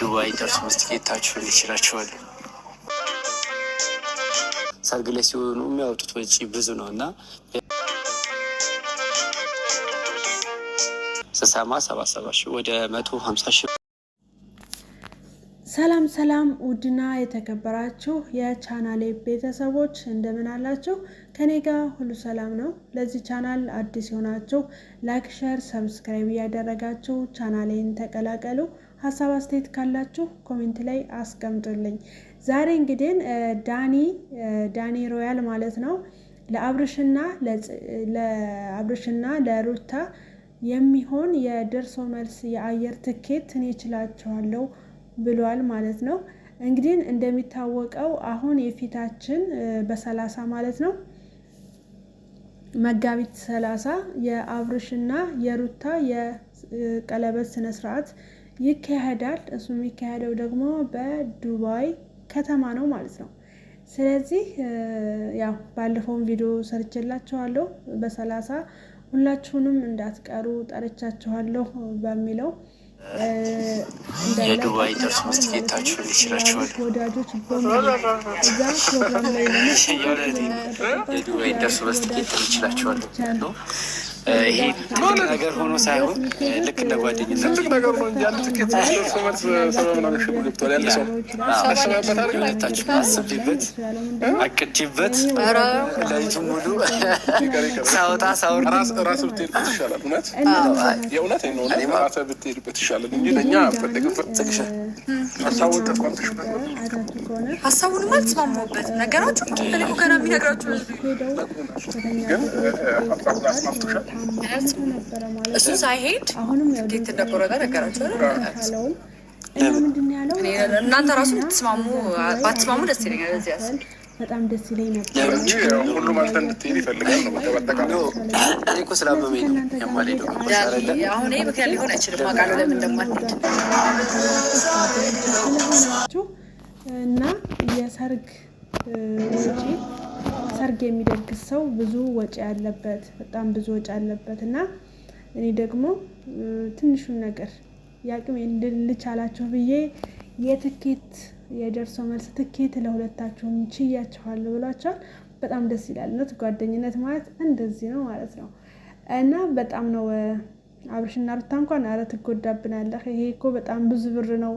በዱባይ ደርሶ መስቲኬታቸው ይችላቸዋል። ሰርግ ላይ ሲሆኑ የሚያወጡት ወጪ ብዙ ነው እና ስሰማ ሰባ ሰባ ወደ መቶ ሀምሳ ሺ ሰላም ሰላም ውድና የተከበራችሁ የቻናሌ ቤተሰቦች እንደምን አላችሁ? ከኔ ጋር ሁሉ ሰላም ነው። ለዚህ ቻናል አዲስ የሆናችሁ ላይክ፣ ሸር፣ ሰብስክራይብ እያደረጋችሁ ቻናሌን ተቀላቀሉ። ሀሳብ አስተያየት ካላችሁ ኮሜንት ላይ አስቀምጡልኝ። ዛሬ እንግዲህ ዳኒ ዳኒ ሮያል ማለት ነው ለአብርሽና ለአብርሽና ለሩታ የሚሆን የደርሶ መልስ የአየር ትኬት እኔ እችላቸዋለሁ ብሏል ማለት ነው። እንግዲህ እንደሚታወቀው አሁን የፊታችን በሰላሳ ማለት ነው መጋቢት ሰላሳ የአብርሽና የሩታ የቀለበት ስነስርዓት ይካሄዳል። እሱ የሚካሄደው ደግሞ በዱባይ ከተማ ነው ማለት ነው። ስለዚህ ያው ባለፈውን ቪዲዮ ሰርችላችኋለሁ በሰላሳ ሁላችሁንም እንዳትቀሩ ጠርቻችኋለሁ በሚለው የዱባይ ጥርስ ማስጌጣችሁ ይችላችኋል። ወዳጆች እዛ ፕሮግራም ላይ ለመ የዱባይ ጥርስ ማስጌጥ ይችላችኋል ይሄ ትልቅ ነገር ሆኖ ሳይሆን ልክ እንደ ጓደኝነት ትልቅ ነገር ለይቱ ሙሉ ሳወጣ ሳወርድ ራስ ብትሄድበት ይሻላል። እውነት የእውነት ነው ራስ ብትሄድበት ይሻላል እንጂ ለእኛ ፈለግን ፈጥግሻ ሀሳቡን ጠቋምትሽ ሀሳቡን ማለት ነገራችሁ ገና የሚነግራችሁ ግን ሀሳቡን አስማምቶሻል እሱ ሳይሄድ እንዴት እንደቆረጠ ነገራቸው። እናንተ ራሱ ብትስማሙ ባትስማሙ ደስ ይለኛል። እዚህ በጣም ደስ ይለኝ ነበር ሁሉም አንተ እንድትሄድ ይፈልጋል ነው። እኮ ስላመመኝ ነው የማልሄደው። አሁን ይሄ ምክንያት ሊሆን አይችልም። አውቃለሁ ለምን እንደማልሄድ እና የሰርግ ወጪ ሰርግ የሚደግስ ሰው ብዙ ወጪ ያለበት በጣም ብዙ ወጪ አለበት እና እኔ ደግሞ ትንሹን ነገር ያቅም ልቻላችሁ ብዬ የትኬት የደርሶ መልስ ትኬት ለሁለታችሁም ችያችኋለሁ ብሏቸዋል። በጣም ደስ ይላል። ነት ጓደኝነት ማለት እንደዚህ ነው ማለት ነው እና በጣም ነው አብርሽና ሩታ እንኳን አረ ትጎዳብናለህ፣ ይሄ እኮ በጣም ብዙ ብር ነው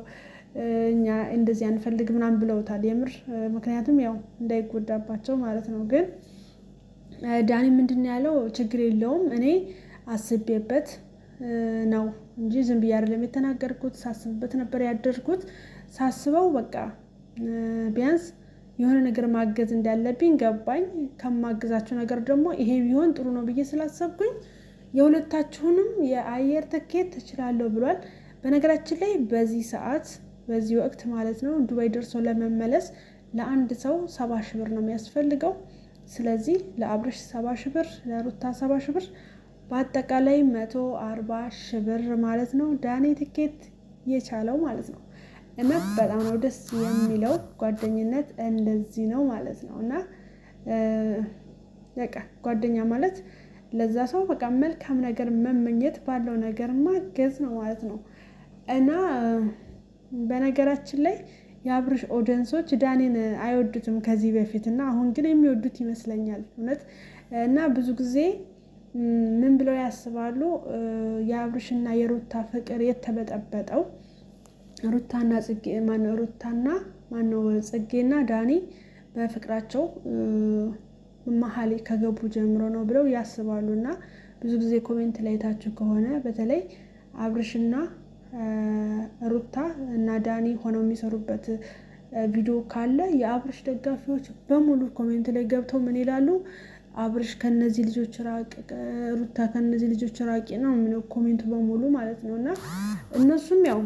እኛ እንደዚህ አንፈልግ ምናምን ብለውታል። የምር ምክንያቱም ያው እንዳይጎዳባቸው ማለት ነው። ግን ዳኒ ምንድን ያለው ችግር የለውም እኔ አስቤበት ነው እንጂ ዝም ብዬ አይደለም የተናገርኩት፣ ሳስብበት ነበር ያደርኩት። ሳስበው በቃ ቢያንስ የሆነ ነገር ማገዝ እንዳለብኝ ገባኝ። ከማግዛቸው ነገር ደግሞ ይሄ ቢሆን ጥሩ ነው ብዬ ስላሰብኩኝ የሁለታችሁንም የአየር ትኬት ትችላለሁ ብሏል። በነገራችን ላይ በዚህ ሰዓት በዚህ ወቅት ማለት ነው። ዱባይ ደርሶ ለመመለስ ለአንድ ሰው ሰባ ሺ ብር ነው የሚያስፈልገው። ስለዚህ ለአብረሽ ሰባ ሺ ብር፣ ለሩታ ሰባ ሺ ብር በአጠቃላይ መቶ አርባ ሺ ብር ማለት ነው። ዳኔ ትኬት የቻለው ማለት ነው። እና በጣም ነው ደስ የሚለው ጓደኝነት እንደዚህ ነው ማለት ነው። እና በቃ ጓደኛ ማለት ለዛ ሰው በቃ መልካም ነገር መመኘት ባለው ነገር ማገዝ ነው ማለት ነው እና በነገራችን ላይ የአብርሽ ኦደንሶች ዳኔን አይወዱትም ከዚህ በፊት እና አሁን ግን የሚወዱት ይመስለኛል እውነት እና ብዙ ጊዜ ምን ብለው ያስባሉ? የአብርሽና የሩታ ፍቅር የተበጠበጠው ሩታና ጽጌ ማነው ሩታና ማነው ጽጌና ዳኒ በፍቅራቸው መሀል ከገቡ ጀምሮ ነው ብለው ያስባሉ። እና ብዙ ጊዜ ኮሜንት ላይታችሁ ከሆነ በተለይ አብርሽና ሩታ እና ዳኒ ሆነው የሚሰሩበት ቪዲዮ ካለ የአብርሽ ደጋፊዎች በሙሉ ኮሜንት ላይ ገብተው ምን ይላሉ? አብርሽ ከነዚህ ልጆች ራቅ፣ ሩታ ከነዚህ ልጆች ራቂ ነው የሚለው ኮሜንቱ በሙሉ ማለት ነው። እና እነሱም ያው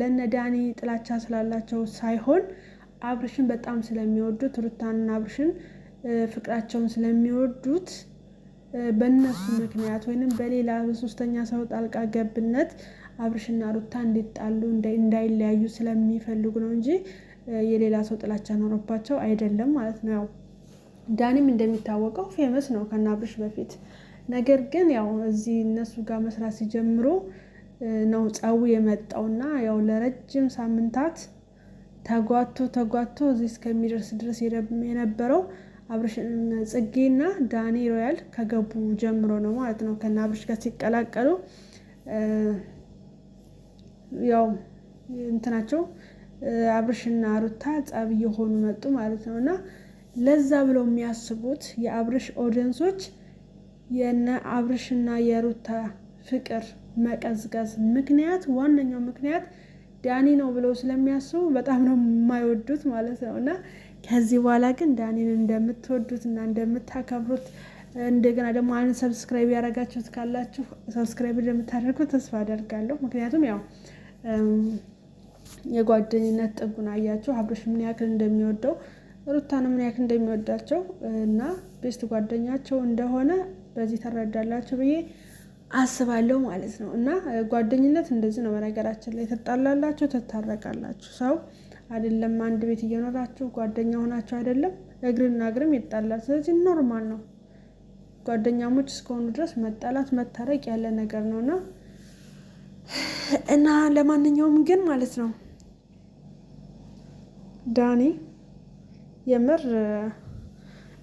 ለነ ዳኒ ጥላቻ ስላላቸው ሳይሆን አብርሽን በጣም ስለሚወዱት ሩታንና አብርሽን ፍቅራቸውን ስለሚወዱት በእነሱ ምክንያት ወይንም በሌላ በሶስተኛ ሰው ጣልቃ ገብነት አብርሽና ሩታ እንዲጣሉ እንዳይለያዩ ስለሚፈልጉ ነው እንጂ የሌላ ሰው ጥላቻ ኖሮባቸው አይደለም ማለት ነው። ያው ዳኒም እንደሚታወቀው ፌመስ ነው ከና አብርሽ በፊት ነገር ግን ያው እዚህ እነሱ ጋር መስራት ሲጀምሩ ነው ጸቡ የመጣውና ያው ለረጅም ሳምንታት ተጓቶ ተጓቶ እዚህ እስከሚደርስ ድረስ የነበረው ጽጌና ዳኒ ሮያል ከገቡ ጀምሮ ነው ማለት ነው። ከነ አብርሽ ጋር ሲቀላቀሉ ያው እንትናቸው አብርሽና ሩታ ጸብ እየሆኑ መጡ ማለት ነው። እና ለዛ ብለው የሚያስቡት የአብርሽ ኦዲየንሶች የነ አብርሽና የሩታ ፍቅር መቀዝቀዝ ምክንያት ዋነኛው ምክንያት ዳኒ ነው ብለው ስለሚያስቡ በጣም ነው የማይወዱት ማለት ነው። እና ከዚህ በኋላ ግን ዳኒን እንደምትወዱት እና እንደምታከብሩት እንደገና ደግሞ አንድ ሰብስክራይብ ያደረጋችሁት ካላችሁ ሰብስክራይብ እንደምታደርጉት ተስፋ አደርጋለሁ። ምክንያቱም ያው የጓደኝነት ጥጉን አያችሁ። አብርሽ ምን ያክል እንደሚወደው ሩታን ምን ያክል እንደሚወዳቸው እና ቤስት ጓደኛቸው እንደሆነ በዚህ ተረዳላቸው ብዬ አስባለሁ ማለት ነው። እና ጓደኝነት እንደዚህ ነው። በነገራችን ላይ ትጣላላችሁ፣ ትታረቃላችሁ። ሰው አይደለም አንድ ቤት እየኖራችሁ ጓደኛ ሆናችሁ አይደለም እግርና እግርም ይጣላል። ስለዚህ ኖርማል ነው። ጓደኛሞች እስከሆኑ ድረስ መጣላት መታረቅ ያለ ነገር ነው እና እና ለማንኛውም ግን ማለት ነው ዳኒ የምር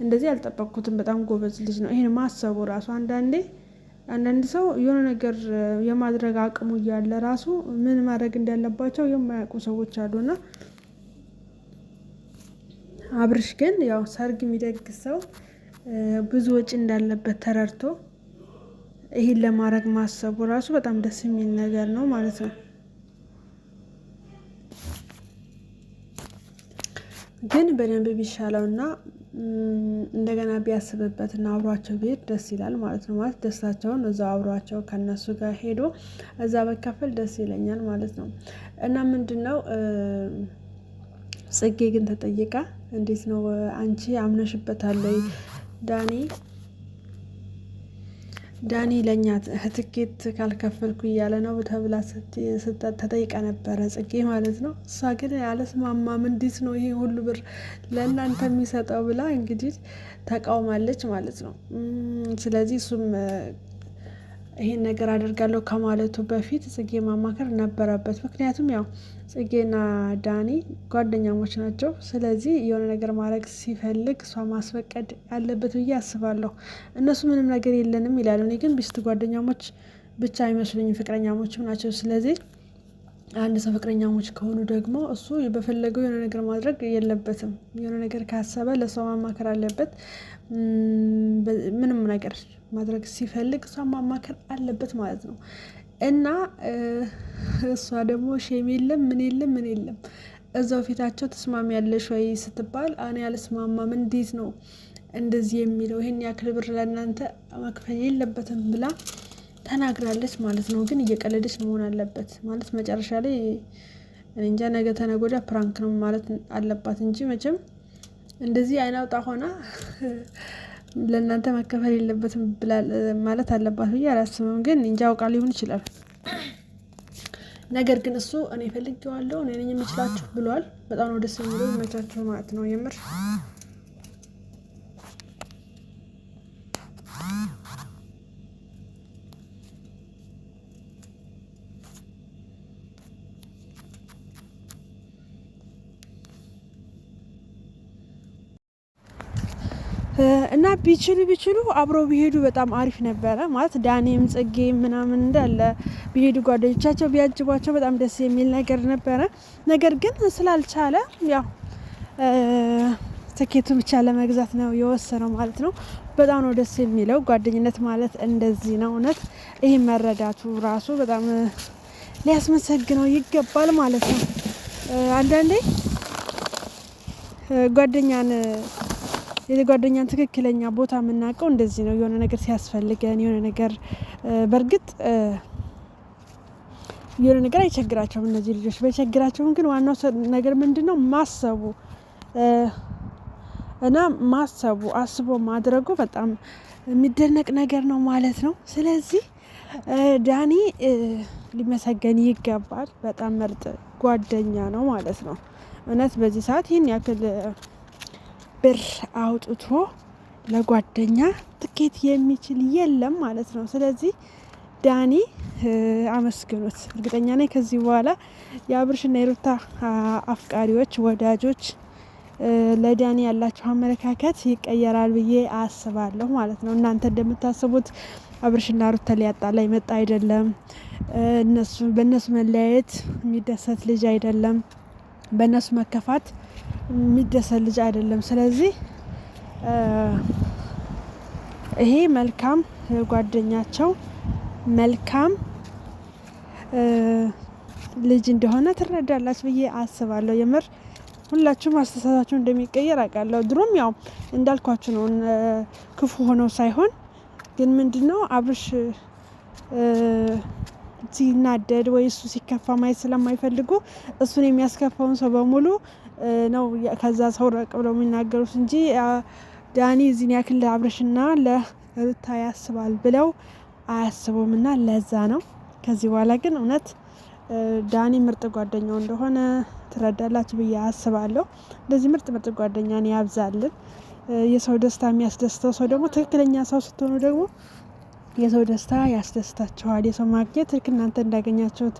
እንደዚህ ያልጠበቅኩትም በጣም ጎበዝ ልጅ ነው። ይሄን ማሰቡ ራሱ አንዳንዴ አንዳንድ ሰው የሆነ ነገር የማድረግ አቅሙ እያለ ራሱ ምን ማድረግ እንዳለባቸው የማያውቁ ሰዎች አሉና አብርሽ ግን ያው ሰርግ የሚደግስ ሰው ብዙ ወጪ እንዳለበት ተረድቶ ይህን ለማድረግ ማሰቡ ራሱ በጣም ደስ የሚል ነገር ነው ማለት ነው። ግን በደንብ እና እንደገና ቢያስብበት ና አብሯቸው ቢሄድ ደስ ይላል ማለት ነው። ማለት ደስታቸውን እዛ አብሯቸው ከነሱ ጋር ሄዶ እዛ በካፈል ደስ ይለኛል ማለት ነው። እና ምንድን ነው ጽጌ ግን ተጠይቃ እንዴት ነው አንቺ አምነሽበታለይ ዳኔ? ዳኒ ለእኛ ትኬት ካልከፈልኩ እያለ ነው ተብላ ተጠይቀ ነበረ ጽጌ ማለት ነው። እሷ ግን አለስማማም፣ እንዴት ነው ይሄ ሁሉ ብር ለእናንተ የሚሰጠው ብላ እንግዲህ ተቃውማለች ማለት ነው። ስለዚህ እሱም ይህን ነገር አደርጋለሁ ከማለቱ በፊት ጽጌ ማማከር ነበረበት። ምክንያቱም ያው ጽጌና ዳኒ ጓደኛሞች ናቸው። ስለዚህ የሆነ ነገር ማድረግ ሲፈልግ እሷ ማስፈቀድ ያለበት ብዬ አስባለሁ። እነሱ ምንም ነገር የለንም ይላሉ። እኔ ግን ቢስት ጓደኛሞች ብቻ አይመስሉኝም፣ ፍቅረኛሞችም ናቸው። ስለዚህ አንድ ሰው ፍቅረኛሞች ከሆኑ ደግሞ እሱ በፈለገው የሆነ ነገር ማድረግ የለበትም። የሆነ ነገር ካሰበ ለሰው ማማከር አለበት። ምንም ነገር ማድረግ ሲፈልግ እሷ ማማከር አለበት ማለት ነው። እና እሷ ደግሞ ሼም የለም ምን የለም ምን የለም እዛው ፊታቸው ተስማሚ ያለሽ ወይ ስትባል እኔ አልስማማም፣ እንዴት ነው እንደዚህ የሚለው ይህን ያክል ብር ለእናንተ መክፈል የለበትም ብላ ተናግራለች ማለት ነው። ግን እየቀለደች መሆን አለበት ማለት መጨረሻ ላይ እንጃ ነገ ተነጎዳ ፕራንክ ነው ማለት አለባት እንጂ መቼም እንደዚህ አይናውጣ ሆና ለእናንተ መከፈል የለበትም ማለት አለባት ብዬ አላስብም። ግን እንጃ አውቃ ሊሆን ይችላል። ነገር ግን እሱ እኔ ፈልጌዋለሁ እኔ ነኝ የምችላችሁ ብሏል። በጣም ነው ደስ የሚለው። ይመቻችሁ ማለት ነው የምር እና ቢችሉ ቢችሉ አብረው ቢሄዱ በጣም አሪፍ ነበረ። ማለት ዳኔም ጽጌ ምናምን እንዳለ ቢሄዱ ጓደኞቻቸው ቢያጅቧቸው በጣም ደስ የሚል ነገር ነበረ። ነገር ግን ስላልቻለ ያው ትኬቱ ብቻ ለመግዛት ነው የወሰነው ማለት ነው። በጣም ነው ደስ የሚለው ጓደኝነት ማለት እንደዚህ ነው። እውነት ይህ መረዳቱ ራሱ በጣም ሊያስመሰግነው ይገባል ማለት ነው። አንዳንዴ ጓደኛን የጓደኛን ትክክለኛ ቦታ የምናውቀው እንደዚህ ነው። የሆነ ነገር ሲያስፈልገን የሆነ ነገር በእርግጥ የሆነ ነገር አይቸግራቸውም እነዚህ ልጆች። በቸግራቸውም ግን ዋናው ነገር ምንድን ነው ማሰቡ እና ማሰቡ አስቦ ማድረጉ በጣም የሚደነቅ ነገር ነው ማለት ነው። ስለዚህ ዳኒ ሊመሰገን ይገባል። በጣም ምርጥ ጓደኛ ነው ማለት ነው። እውነት በዚህ ሰዓት ይህን ያክል ብር አውጥቶ ለጓደኛ ትኬት የሚችል የለም ማለት ነው። ስለዚህ ዳኒ አመስግኑት። እርግጠኛ ነኝ ከዚህ በኋላ የአብርሽና የሩታ አፍቃሪዎች፣ ወዳጆች ለዳኒ ያላቸው አመለካከት ይቀየራል ብዬ አስባለሁ ማለት ነው። እናንተ እንደምታስቡት አብርሽና ሩታ ሊያጣላ ይመጣ አይደለም። በእነሱ መለያየት የሚደሰት ልጅ አይደለም። በእነሱ መከፋት የሚደሰት ልጅ አይደለም። ስለዚህ ይሄ መልካም ጓደኛቸው መልካም ልጅ እንደሆነ ትረዳላች ብዬ አስባለሁ። የምር ሁላችሁም አስተሳሰባችሁ እንደሚቀየር አውቃለሁ። ድሮም ያው እንዳልኳችሁ ነው፣ ክፉ ሆነው ሳይሆን ግን ምንድነው አብርሽ ሲናደድ ወይ እሱ ሲከፋ ማየት ስለማይፈልጉ እሱን የሚያስከፋውን ሰው በሙሉ ነው ከዛ ሰው ረቅ ብለው የሚናገሩት እንጂ ዳኒ እዚህን ያክል ለአብረሽና ለሩታ ያስባል ብለው አያስቡም። ና ለዛ ነው። ከዚህ በኋላ ግን እውነት ዳኒ ምርጥ ጓደኛው እንደሆነ ትረዳላችሁ ብዬ አስባለሁ። እንደዚህ ምርጥ ምርጥ ጓደኛን ያብዛልን። የሰው ደስታ የሚያስደስተው ሰው ደግሞ ትክክለኛ ሰው ስትሆኑ ደግሞ የሰው ደስታ ያስደስታችኋል። የሰው ማግኘት ልክ እናንተ እንዳገኛችሁት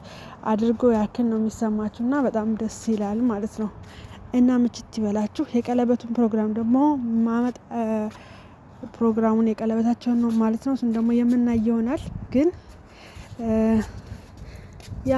አድርጎ ያክል ነው የሚሰማችሁ እና በጣም ደስ ይላል ማለት ነው። እና ምችት ይበላችሁ። የቀለበቱን ፕሮግራም ደግሞ ማመጥ ፕሮግራሙን የቀለበታቸውን ነው ማለት ነው። እሱም ደግሞ የምናይ ይሆናል ግን ያ